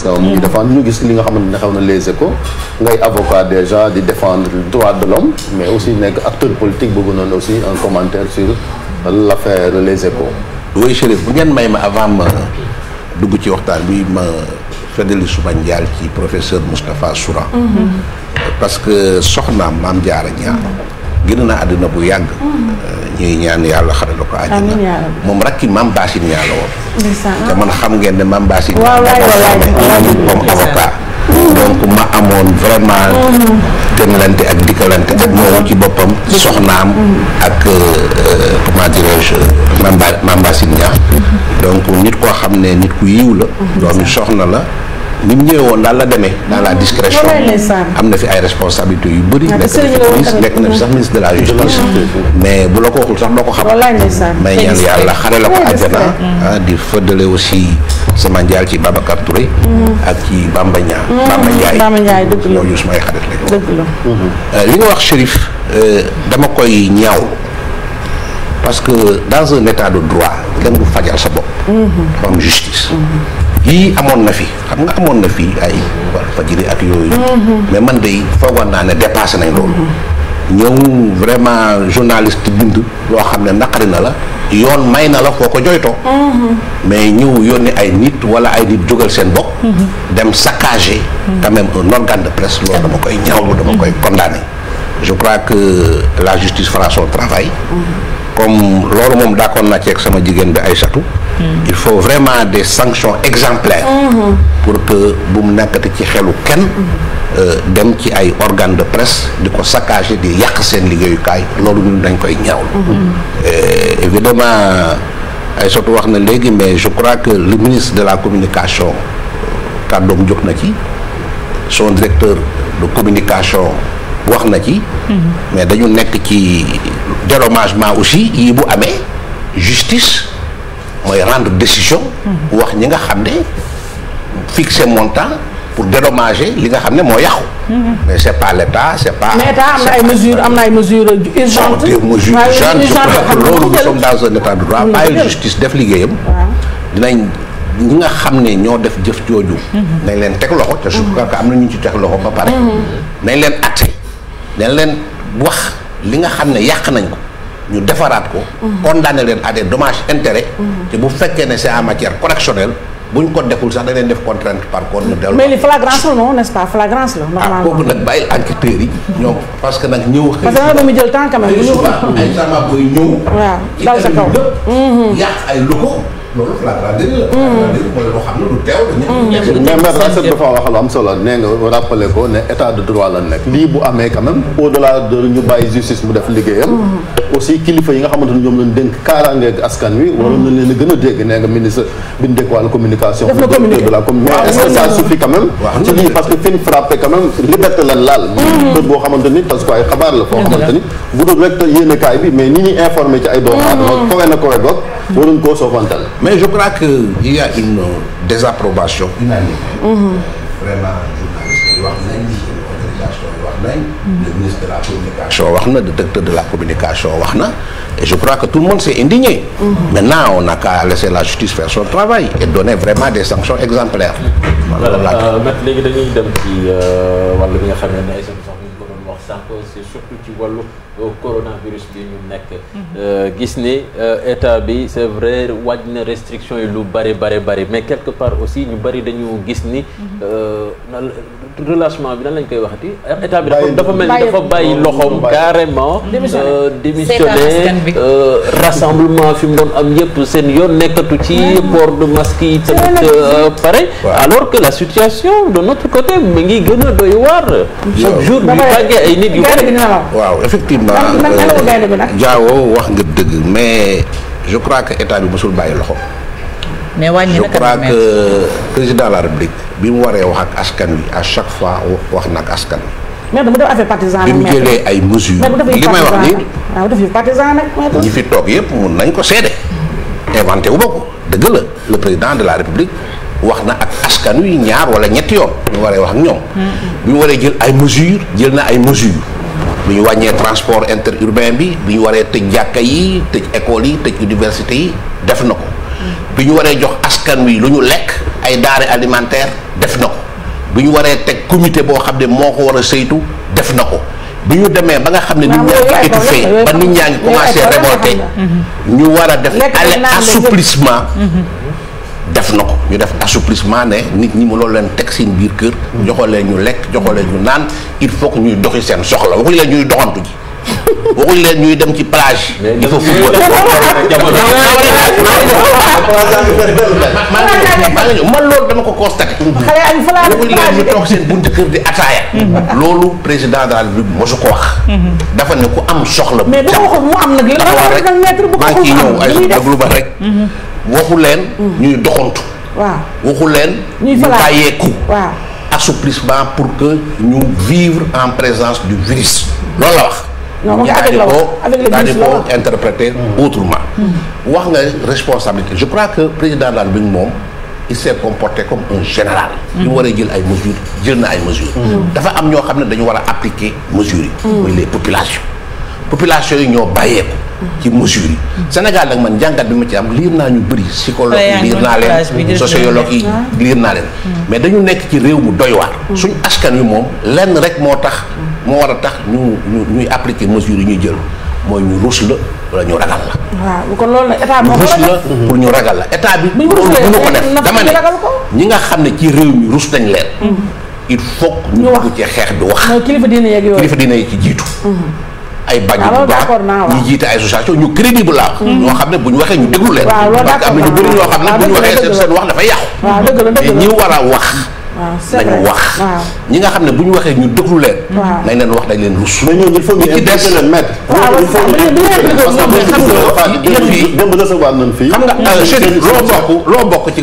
so mu ngi défendre ñu gis li nga xamante ne xew na les échos ngay avocat déjà di défendre droit de l'homme mais aussi nekk acteur politique bëgg noonu aussi un commentaire sur l'affaire les échos oui Chérif bu ngeen may ma avant ma dugg ci waxtaan bi ma su suma njaal ci professeur Moustapha Soura mhm. parce que soxnaam maam jaara ñaar génn na àddina bu yàgg. Mm. ñuy ñaan yàlla xarala ko àjjana moom rakki maam Baasin woon. te man xam ngeen ne maam Baasin. waaw avocat. Mm. donc ma amoon vraiment. demlante mm. ak dikkalante ak moom ci boppam. soxna am ak euh, euh, comment dirais-je mm-hmm. donc nit koo xam ne nit ku yiw la. Mm-hmm. doomi soxna la. ni mu ñëwee woon daal la deme dans la discrétion am na fi ay responsabilités yu bëri ah, nekk na fi ministre nekk na fi sax ministre de la justice mais bu la ko waxul sax doo ko xam mais ñaan yàlla xare la ko àjjana ah, di fëddale aussi sama njaal ci Babacar Touré mm-hmm. ak ci Bamba Ndiaye mm-hmm. Bamba Ndiaye mm-hmm. euh, li nga wax Chérif euh, dama koy ñaaw parce que dans un état de droit kenn du fajal sa bopp dafa justice yii amoon na fi xam nga amoon na fi ay Walfadjri ak yooyu. Mhm. mais man de foogoon naa ne dépassé nañ loolu. Mhm. ñëw vraiment journaliste bind loo xam ne naqari na la yoon may na la foo ko joytoo mhm. mais ñëw yónni ay nit wala ay nit jógal seen bopp dem saccager quand même un organe de presse loolu dama koy ñaawlu dama koy condamné je crois que la justice fera son comme loolu moom d'accord naa ci ak sama jigéen bi Aïssatou mm. il faut vraiment des sanctions exemplaires mm-hmm. pour que bu mu nekkati ci xelu kenn mm-hmm. euh, dem ci ay organes de presse di ko saccager di yàq seen liggéeyukaay loolu ñun dañ koy ñaawlu mm-hmm. euh, évidemment Aïssatou wax na léegi mais je crois que le ministre de la communication kàddoom jóg na ci son directeur de communication wax na ci. Mhm. mais dañu nekk ci dédommagement aussi yi bu amee justice mooy rendre décision. Mhm. wax ñi nga xam ne fixer montant pour dédommager li nga xam ne moo yàqu. Mhm. mais c' est pas l' état c' pas. am na ay mesures am na ay mesures urgentes. loolu nous sommes dans un état de droit bàyyi mm. justice def liggéeyam. dinañ. ñi nga xam ne ñoo def jëf jooju. Mm-hmm. nañ leen teg loxo te je mm-hmm. crois am na ñu ci teg loxo ba pare. Mm-hmm. nañ leen atte dañ leen wax li nga xam ne yàq nañ ko ñu defaraat ko. Mhm. condamné leen à des dommages intérêts. Mhm. te bu fekkee ne c'est à matière correctionnelle bu ñu ko deful sax da leen def contrainte par contre ñu dellu. mais li flagrance la non n'est-ce pas flagrance la. Ah, normalement ah kooku nag bàyyil enquêteurs yi. ñoom parce que nag ñëw. parce que dama jël temps quand même. ñu ay sama booy ñëw. waaw dal sa kaw mhm. yàq ay locaux. loolu flagrant délit mm. la. flagrant délit mooy loo xam ne lu teew la. Mm. am solo nee nga ko ne état de droit la nekk. lii bu amee quand même au delà de ñu bàyyi justice mu def liggéeyam. Mm. aussi kilifa yi nga xamante ne ñoom lañ dénk kaaraangeeg askan wi. waroon nañ leen gën a dégg nee ministre bi communication. def na communiqué de la communication mais est-ce que ça ci lii parce que fi ñu frappé quand lan laal. kër boo xamante ni parce que ay xabaar la. foo xamante bu dul rek yéene bi mais ni ñuy informé ci ay waruñ koo soofantal mais je crois que il y a une désapprobation unanime mhm. vraiment journaliste yi wax nañ organisation yi wax nañ le ministre de la communication wax na le directeur de la communication wax na et je crois que tout le monde s'est indigné mhm. maintenant on n'a qu'à laisser la justice faire son travail et donner vraiment des sanctions exemplaires voilà euh, léegi dañuy dem ci euh, wàllu bi nga xam ne ay sanctions ñu ko doon wax sànq surtout ci wàllu euh, coronavirus bi ñu nekk. Mhm. Euh, gis ni euh, état bi c'est vrai wàññi na restriction yi lu bari bari bari mais quelque part aussi ñu bari dañu gis ni. Mhm. relâchement bi nan lañ koy waxati. état bi dafa mel ni dafa bàyyi loxoom carrément. démissionné rassemblement fi mu doon am yëpp seen yoon nekkatu ci port de masque yi pare. alors que la situation de notre côté mi ngi gën a doy chaque jour ñu bàggee ay nit yu bari. waaw effectivement euh, Diawo wax nga dëgg mais je crois que état bi mosul bàyyi loxo. mais wàññi je crois que président de la république bi mu waree wax ak askan wi à chaque fois wax na ak askan wi. mais dama def affaire partisan bi mu jëlee ay li may wax nii. waaw daf yu ñi fi toog yëpp mun nañ ko seede. inventé wu bokk dëgg la le président de la république. wax na ak askan wi ñaar wala ñetti yoon. ñu waree wax ak ñoom. bi mu waree jël ay mesures jël na ay mesures. bu ñu wàññee transport interurbain bi bu ñu waree tëj jàkka yi tëj école yi tëj université yi def na ko bi ñu waree jox askan wi lu ñu lekk ay daare alimentaires def na ko bi ñu waree teg comité boo xam ne moo ko war a saytu def na ko bi ñu demee ba nga xam ne nit ñaa ngi étouffé ba nit ñaa ngi commencé révolté ñu war a def ale assouplissement mhm. def na ko ñu def assouplissement ne nit ñi mu loolu leen teg seen biir kër joxoo leen ñu lekk joxoo leen ñu naan il faut que ñuy doxi seen soxla waxuñu leen ñuy doxantu ji waxuñ leen ñuy dem ci plage. di fa football. man loolu dama ko constaté. waxuñ leen ñu kër di ataaya. loolu président de la République mosu ko wax. dafa ne ku am soxla. mais bu ko mu am nag. maa ngi ciy ñëw ay déglu ba rek. waxu leen. Mm. ñuy doxantu. waaw waxu leen. ñuy bàyyeeku. waaw assouplissement pour que ñu vivre en présence du virus. loolu la wax. non moom avec la avec ko interprété mm. autrement. Mm. wax nga responsabilité je crois que président daal bi moom. il s'est comporté comme un général. li war a jël ay mesures jël na ay mesures. dafa am ñoo xam ne dañu war a appliquer mesures yi. muy les populations. population yi ñoo bàyyeeku. ci mesure yi. Sénégal nag man jàngat bi ma ci am liir naa ñu bëri. psychologue yi liir naa leen yi ah. liir naa hmm. mais dañu nekk ci réew mu doy waar. Hmm. suñ askan wi moom lenn rek moo tax. Hmm. moo war a tax ñu ñu ñuy appliquer mesures yi ñuy jël mooy ñu ruus la wala ñu ragal la. waaw kon loolu ko ruus la pour ñu ragal la état bi. bu ñu ruus la ko def dama ne ñi nga xam ne ci réew mi ruus nañ leen. il faut ñu dugg ci xeex bi wax. kilifa diine yeeg yooyu kilifa diine yi ci jiitu. ay bàjj bu baax ñi jiite ay association ñu crédible la ñoo xam ne bu ñu waxee ñu déglu leen parce que am na ñu bëri ñoo xam ne bu ñu waxee seen wax dafa yàqu mais ñi war a wax nañu wax ñi nga xam ne bu waxee ñu déglu leen nañ leen wax dañ leen rus mais ñooñu il faut ñu impressionner maître il faut ñu yëf yi démb loo bokk loo bokk ci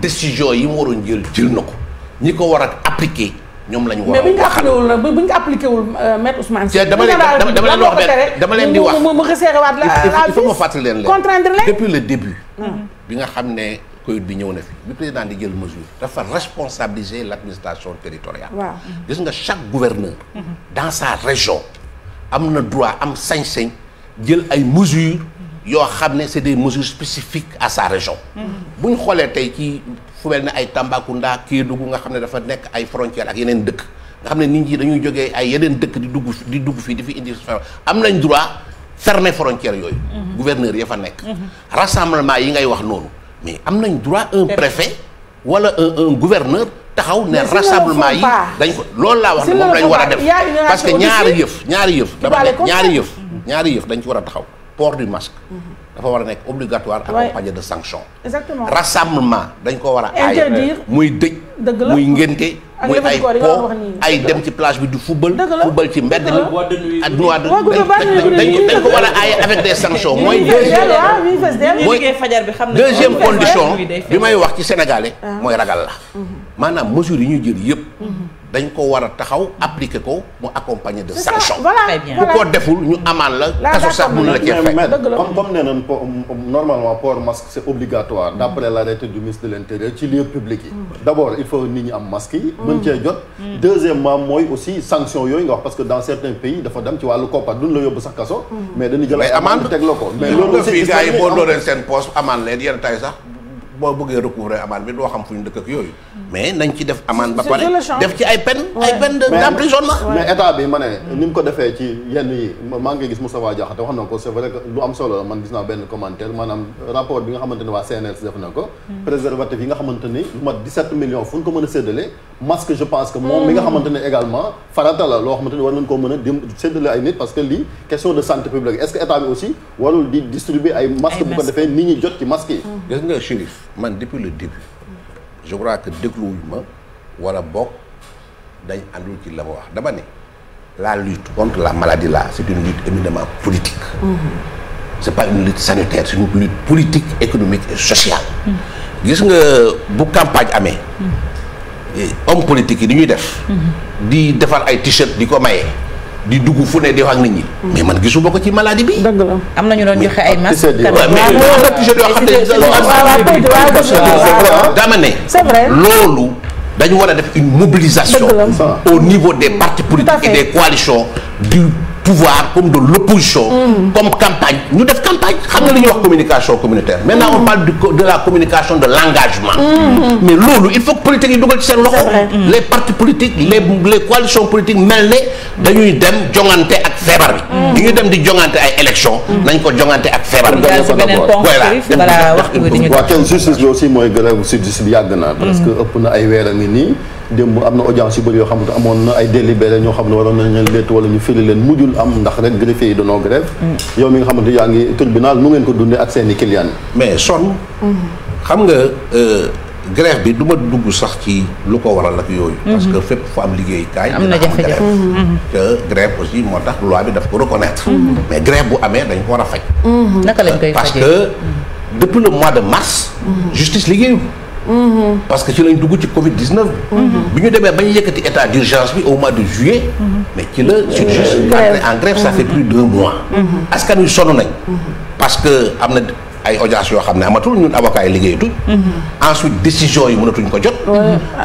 décision yi mu waroon jël jël na ko ñi ko war a appliquer ñoom la ñu war a. mais bu ñu ko appliqué wul nag bu ñu ko appliqué wul euh, maître Ousmane. dama leen di wax mu mu reserewaat la il faut ma fàttali leen leen leen depuis le début. Hmm. bi nga xam ne Covid bi ñëw na fi bi président di jël mesure dafa responsabiliser l' administration territoriale. waaw gis nga chaque gouverneur. Hmm. dans sa région am na droit am sañ-sañ jël ay mesures. yoo xam ne c'est des mesures spécifiques à sa région. bu ñu xoolee tey ci fu mel ne ay Tambacounda Kédougou nga xam ne dafa nekk ay frontières ak yeneen dëkk nga xam ne nit ñi dañuy jogee ay yeneen dëkk di dugg di dugg fii di fi indi am nañ droit fermer frontières yooyu. Mhm. gouverneur ya fa nekk. Mhm. rassemblement yi ngay wax noonu mais am nañ droit un préfet wala un un gouverneur. taxaw ne rassemblement yi dañ ko loolu laa wax ne moom lañ war a def parce que ñaari yëf ñaari yëf dama ñaari yëf ñaari yëf dañ ci war a taxaw port du masque. Mhm. dafa war a nekk obligatoire. accompagné de sanction. exactement rassemblement dañ ko war a. interdire muy dëj. dëgg muy ngénte. muy ay po ay dem ci plage bi du football. football ci mbedd mi ak noix de dañ ko war a aaye avec des sanctions. mooy deuxième condition bi may wax ci sénégalais. Ah. mooy ragal la. Mhm. maanaam mesures yi ñuy jël yëpp. Mhm. dañ ko war a taxaw appliquer ko mu accompagner de sanction. voilà ko deful ñu amaan la. kaso sax mun la cee fay comme obligatoire. Mm. d' après l' arrêté du ministre de l' intérieur ci lieu public yi. Mm. d' abord il faut nit ñi am masque yi. Mm. mën cee jot. deuxièmement mooy aussi sanction yooyu nga wax parce que dans certains pays dafa dem ci wàllu koppar duñ la yóbbu sax kaso. mais dañu jël amande teg la ko. mais loolu fii gars yi boo seen poste amaan leen yenn taay boo bëggee recouvrer amende bi doo xam fu ñu dëkk ak yooyu. mais nañ ci def amende ba pare def ci ay peine ay peine d'emprisonnement. mais état bi ma ne ko defee ci yenn yi maa ngi gis Moustapha Diakhaté wax na ko solo la man gis benn commentaire maanaam rapport bi nga xamante ne waa CNRS def na ko. Hmm. préservatif yi nga xamante lu mat 17 millions fu ñu ko mën a séddale masque je pense que moom mi nga hmm. xamante également farata loo xamante war a dim séddale ay nit parce que lii question jot ci masque yi hmm. man depuis le début je crois que dégluwuñ ma wala bokk dañ àndul ci la ma wax dama ne la lutte contre la maladie la c'est une lutte éminemment politique mm-hmm. c'est pas une lutte sanitaire c'est une lutte politique économique et sociale mm-hmm. gis nga bu campagne amee mm-hmm. homme politique yi di ñuy def di defal ay t-shirt di ko maye di dugg fu ne di wax ak nit ñi. Mm. mais man gisuma ko ci maladie bi. dëgg la am na ñu doon joxe ay masques. dama ne. c'est vrai loolu. dañu war a def une mobilisation. au niveau des partis politiques et des coalitions du. pouvoir comme de l'opposition mmh. comme campagne ñu def campagne xam nga li ñuy wax communication communautaire maintenant on mm. parle de la communication de l'engagement mm. mais loolu il faut que politique yi dugal ci seen loxo mm. les partis politiques les les coalitions politiques mel ne dañuy dem jongante ak feebar bi ñu dem di jongante ay élection nañ ko jongante ak feebar bi voilà waaw kenn justice bi mooy grève sudiste bi yàgg na parce que ëpp na ay weer a nii démb am na audience yu bëri yoo xam ne amoon na ay délibéré ñoo xam ne waroon nañ leen létt wala ñu firi leen mujjul am ndax rek greffier yi danoo grève mm. yow mi nga xamante yaa ngi tribunal nu ngeen ko dundee ak seen i mais sonn mm-hmm. xam nga euh, grève bi du ma dugg sax ci lu ko waral ak yooyu mm-hmm. parce que fépp fu am liggéeykaay am na jafe-jafe te mm-hmm. grève aussi moo tax loi bi daf ko reconnaître mais grève bu amee dañ ko war a faj naka lañ koy fajee parce que depuis le mois de mars justice liggéeyu parce que ci lañ dugg ci Covid 19. Mhm. bi ñu demee ba yëkkati état d' urgence bi au mois de juillet. Mhm. mais ci la juste mhm. en grève ça fait plus de deux mois. askan wi sonn nañ. parce que am na ay audience yoo xam ne amatul ñun avocats yi liggéeyatuñ. ensuite décision yi mënatuñ ko jot.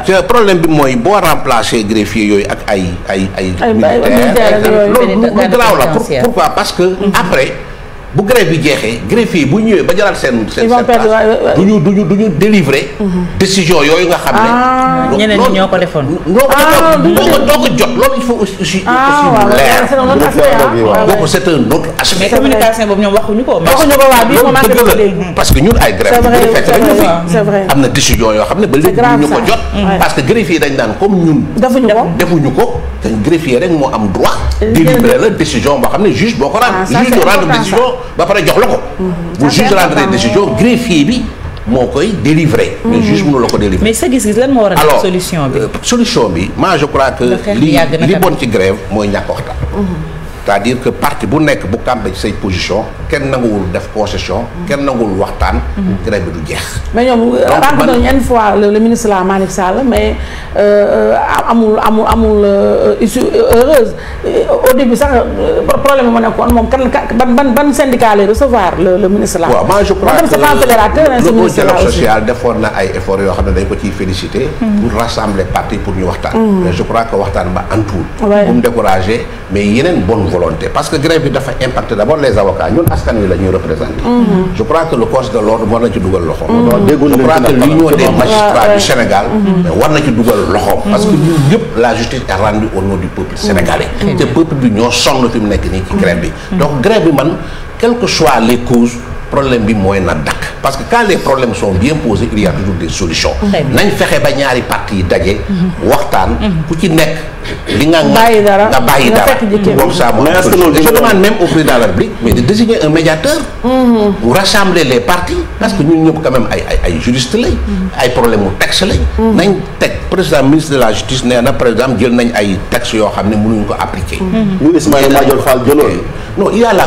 te problème bi mooy boo remplacer greffier yooyu ak ay ay ay. ay loolu lu garaaw la pourquoi parce que après. bu grève bi jeexee greffier bu ñëwee ba jëlaat seen. seen seen place du ñu du ñu du décision yooyu nga xam ne. Ah. ñeneen ñoo ko defoon. ñoo ko defoon doo ko jot loolu il faut aussi. aussi ah, mu leer boobu ah, c'est un autre aspect. mais communication boobu ñoom waxuñu ko. waxuñu ko waaw bii moom ko dégg parce que ñun ay xam ne ba léegi ñu ko jot. Mm-hmm. parce que greffier dañ daan comme ñun. defuñu ko defuñu ko te ko ba pare jox la ko. Mhm. bu juge rendre décision greffier bi moo koy délivrer. mais mhm. juge mënu la ko délivrer. mais sa gis-gis lan moo war a solution bi alors euh, solution bi moi je crois que. li li bon ci grève mooy ñàkk c'est-à-dire que parti bu nekk bu kàmbee say position kenn nanguwul def concession kenn nanguwul waxtaan. Mhm. grève bi du jeex. mais ñoom euh, rencontré nañu une la Malick Sall euh, euh, amul amul issue heureuse au début sax problème bi ma nekkoon moom kan ban ban ban syndicat lay recevoir le le ministre la. waaw moi je crois que le dialogue social defoon na ay efforts yoo xam ne dañ ko ciy féliciter. Mhm. pour rassembler parti pour ñu waxtaan. Mhm. mais je crois que waxtaan ba antuwul. bu mu découragé mais yeneen bonne volonté parce que grève bi dafa impacter d' les avocats ñun askan wi la représenté. Mhm. je crois que le corps de l' ordre war na ci dugal loxo. déggul mhm. je crois que l'union des magistrats du Sénégal. Mhm. war na ci dugal loxo. parce que ñun ñëpp la justice est rendue au du peuple sénégalais. te peuple bi ñoo sonn fi mu nekk nii ci grève bi. donc grève bi man quelles que soient les causes. problème bi mooy na dakk parce que quand les problèmes sont bien posés il y a toujours des solutions nañ fexe ba ñaari parti yi daje mhm. waxtaan mhm. ku ci nekk li nga nga bàyyi dara comme ça mooy je demande même au président de la République mais de mhm. parce que ñun ñëpp quand ay ay ay ay problème mu texte lañ nañ teg président ministre de la justice nee na par exemple jël nañ ay texte yoo xam ne mënuñu ko appliquer ñu Ismaïla Madior Fall jëloon non il y a la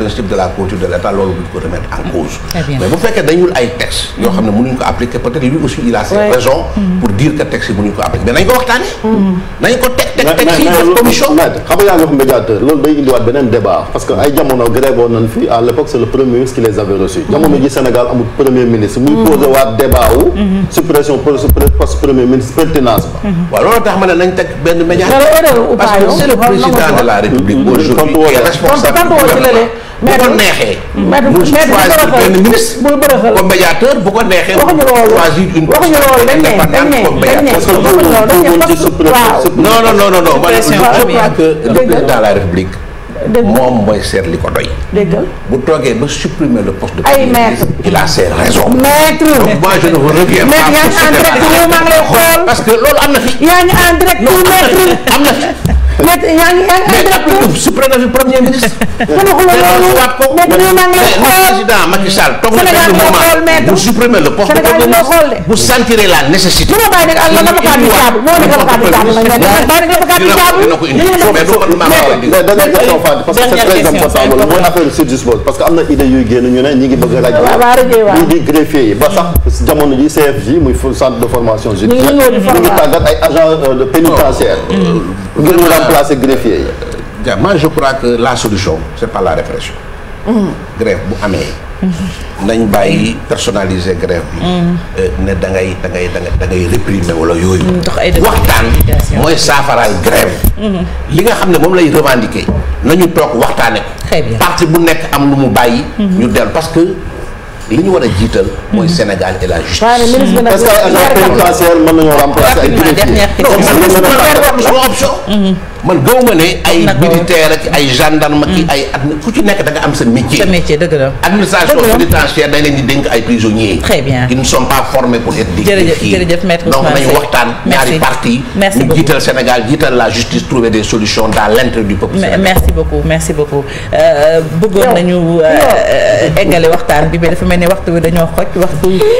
principe de la culture de l'État loolu duñ ko remettre en cause mais bu fekkee dañul ay texte yoo xam ne mënuñ ko appliquer peut-être lui aussi il a ses raisons mm-hmm. pour dire que texte yi mënuñ ko appliquer mais nañ ko waxtaanee mm-hmm. nañ ko teg teg teg fii def commission maître xam nga yaa ngi wax médiateur loolu day indiwaat beneen débat parce que ay jamono grève woon nañ fi à l'époque c'est le premier ministre qui les avait reçus mm-hmm. jamono ji Sénégal amul premier ministre muy posé waat débat wu suppression poste premier ministre pertinence ba waaw loolu tax ma ne nañ teg benn médiateur parce que c'est le président de la République aujourd'hui qui est responsable bu ko neexee. mu choisir benn ministre comme médiateur bu ko neexee. waxuñu loolu choisir une personne comme médiateur non non non non non man je crois que le président de la république. moom mooy seet li ko doy. bu toogee ba supprimer le poste de premier ministre il a ses raisons. maître donc moi je ne vous reviens pas. yaa ngi en direct maa ngi lay xool parce que loolu am na fi. yaa ngi en direct maître am na fi. mais yaa ngi yaa ngi mais su premier ministre. ko mais président Macky Sall toog na benn moment bu supprimer le poste de gouvernance bu sentir la nécessité. bu ma bàyyi nag l'avocat du diable moo nekk l'avocat du diable la ñu bàyyi nag l'avocat du diable. dina ko indi mais da ngay toog fa parce que c'est très important loolu mooy affaire justice boobu parce que am na idée yuy génn ñu ne ñu ngi bëgg a. waaw waaw di greffier yi ba sax jamono ji CFJ muy centre de formation judiciaire ñu ngi tàggat ay agents pénitentiaires ngir mu remplacer greffier yi. moi je crois que la solution c'est pas la répression. Mm-hmm. grève bu mm-hmm. mm-hmm. personnaliser grève euh, ne da ngay da ngay da ngay réprimer wala yooyu. waxtaan mooy saafaraal grève. li nga xam ne moom lay revendiquer nañu toog waxtaane ko. parti bu nekk am lu mu bàyyi. ñu dellu parce que. li ñu war a jiital. mooy mhm. Sénégal et la justice. waaw ministre bi nag est-ce que agent pénitentiaire mën nañoo remplacer ay. directeurs non option. Mhm. man gaw ma ne ay militaire ak ay gendarme ki hmm. ay at ku ci nekk da nga am sa métier. sa métier dëgg la administration pénitentiaire dañ leen di dénk ay prisonniers. très bien qui ne sont pas formés pour être. jërëjëf jërëjëf maître donc nañu waxtaan. ñaari parti merci ñu jiital Sénégal jiital la justice trouver des solutions dans l'intérêt peuple. merci merci beaucoup euh, euh, bëggoon nañu euh, eggale waxtaan bi mais dafa mel ne waxtu bi dañoo xoj waxtu.